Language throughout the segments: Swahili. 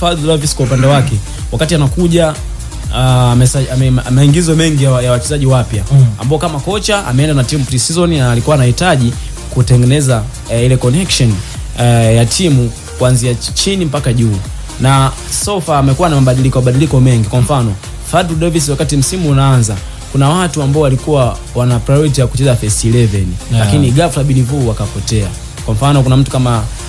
Fadlu Davis kwa upande wake wakati anakuja ameingizwa uh, mengi ya, wachezaji wapya mm. ambao kama kocha ameenda na timu pre-season na alikuwa anahitaji kutengeneza uh, ile connection uh, ya timu kuanzia chini mpaka juu, na sofa amekuwa na mabadiliko mabadiliko mengi. Kwa mfano fadru Davis, wakati msimu unaanza, kuna watu ambao walikuwa wana priority ya kucheza first 11 yeah. lakini ghafla binivu wakapotea. Kwa mfano kuna mtu kama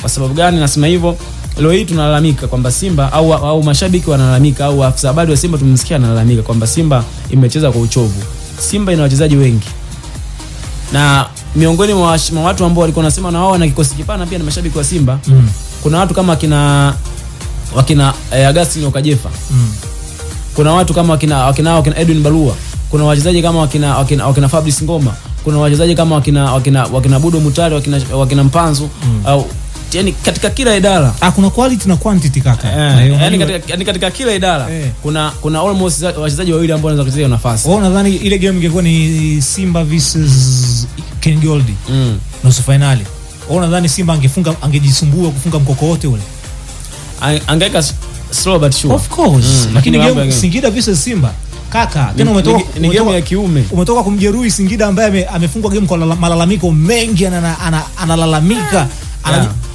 Kwa sababu gani nasema hivyo? Leo hii tunalalamika kwamba Simba au, au mashabiki wanalalamika au afisa habari wa Simba tumemsikia analalamika kwamba Simba imecheza kwa uchovu. Simba ina wachezaji wengi na miongoni mwa watu ambao walikuwa nasema na wao na kikosi kipana pia na mashabiki wa Simba mm. Kuna watu kama wakina wakina eh, Agustino okajefa mm. Kuna watu kama wakina wakina, wakina Edwin Barua, kuna wachezaji kama wakina wakina, wakina Fabrice Ngoma, kuna wachezaji kama wakina wakina, wakina Budo Mutale, wakina, wakina Mpanzu mm. au yani katika kila idara ah, kuna quality na quantity kaka yeah. yeah. yani katika, yani katika kila idara yeah. kuna kuna almost wachezaji wawili ambao wanaweza kucheza hiyo nafasi. Wao oh, nadhani ile game ingekuwa ni Simba versus Ken Gold mm. nusu finali. Wao oh, nadhani Simba angefunga angejisumbua kufunga mkoko wote ule angeka slow but sure. Of course. Mm, lakini game Singida versus Simba kaka tena umetoka ni game ya kiume, umetoka kumjeruhi Singida ambaye amefungwa game kwa malalamiko mengi, analalamika ana, ana, ana, ana, ana, ah. ana, ana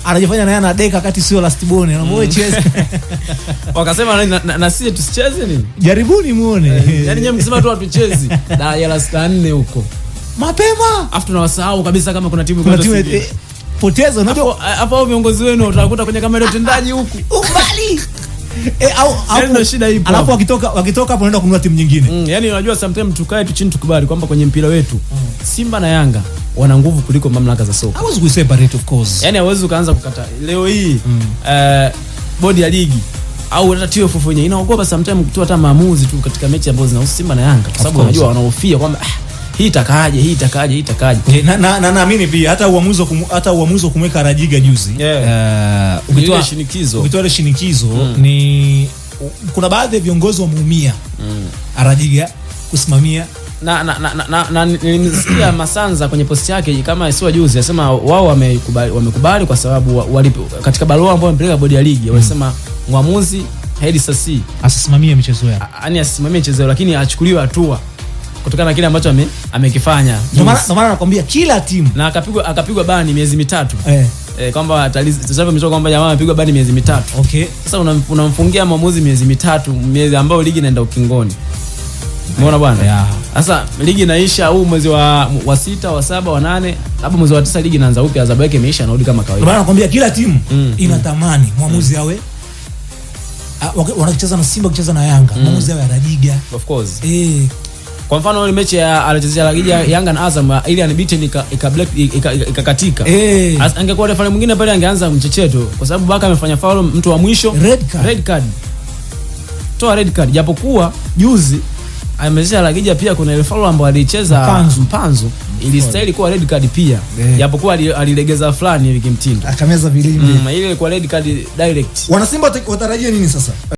anajifanya naye anadeka wakati sio last bone mm. wewe cheza wakasema na, na, na sisi tusicheze nini jaribuni muone eh, yani nyinyi mkisema tu hatuchezi daraja la sita nne huko mapema afu tunawasahau kabisa kama kuna timu kuna timu potezo unajua hapo eh, au viongozi wenu utakuta kwenye kamera utendaji huku umbali E, eh, au, yaani au, shida ipo alafu wakitoka wakitoka hapo naenda timu nyingine mm, yani unajua sometimes tukae tuchini chini tukubali kwamba kwenye mpira wetu mm. Simba na Yanga wana nguvu kuliko mamlaka za soka. Hawezi kuseparate of course. Yaani hawezi ukaanza kukata leo hii mm. uh, bodi ya ligi au hata TFF wenyewe inaogopa sometimes kutoa hata maamuzi tu katika mechi ambazo zinahusu Simba na Yanga kwa sababu unajua wanahofia kwamba ah, hii itakaje, hii itakaje, hii itakaje. Eh, na na na naamini pia hata uamuzi kum, hata uamuzi kumweka Rajiga juzi. Yeah. Uh, ukitoa shinikizo. Ukitoa shinikizo mm. ni kuna baadhi ya viongozi wameumia. Mm. Rajiga kusimamia na na na, na, na nilimsikia Masanza kwenye posti yake kama sio juzi, anasema wao wamekubali, wamekubali kwa sababu walipo, katika barua ambayo wamepeleka bodi ya ligi walisema mwamuzi Hedi Sasi asisimamie michezo yao, yani asisimamie michezo lakini achukuliwe hatua kutokana na kile ambacho ame, amekifanya. Ndio maana nakwambia kila timu na akapigwa akapigwa bani miezi mitatu eh. E, kwamba tusavyometoka kwamba jamaa amepigwa bani miezi mitatu okay. Sasa unamfungia una mwamuzi miezi mitatu, miezi ambayo ligi inaenda ukingoni. Umeona bwana? Sasa Ligi inaisha huu mwezi wa, wa sita wa saba wa nane labda mwezi wa tisa ligi inaanza upya, adhabu yake imeisha, narudi kama kawaida. Bwana nakwambia kila timu mm. inatamani mm. mwamuzi mm. awe wanacheza na Simba kucheza na Yanga mm. mwamuzi awe anajiga. Of course. Eh. Kwa mfano ile mechi ya alichezea Lagija mm. Yanga na Azam ile anibite ika ika black ikakatika. Ika, ika Eh. Angekuwa refa mwingine pale angeanza mchecheto kwa sababu Baka amefanya foul mtu wa mwisho red card. Red card. Toa red card japokuwa juzi amezea Lagija pia kuna ile foul ambayo alicheza Mpanzu, Mpanzu ilistahili kuwa red card pia yeah. Japokuwa alilegeza fulani hivi kimtindo akameza vilimi mm, ile kwa red card direct. Wanasimba watarajia nini sasa?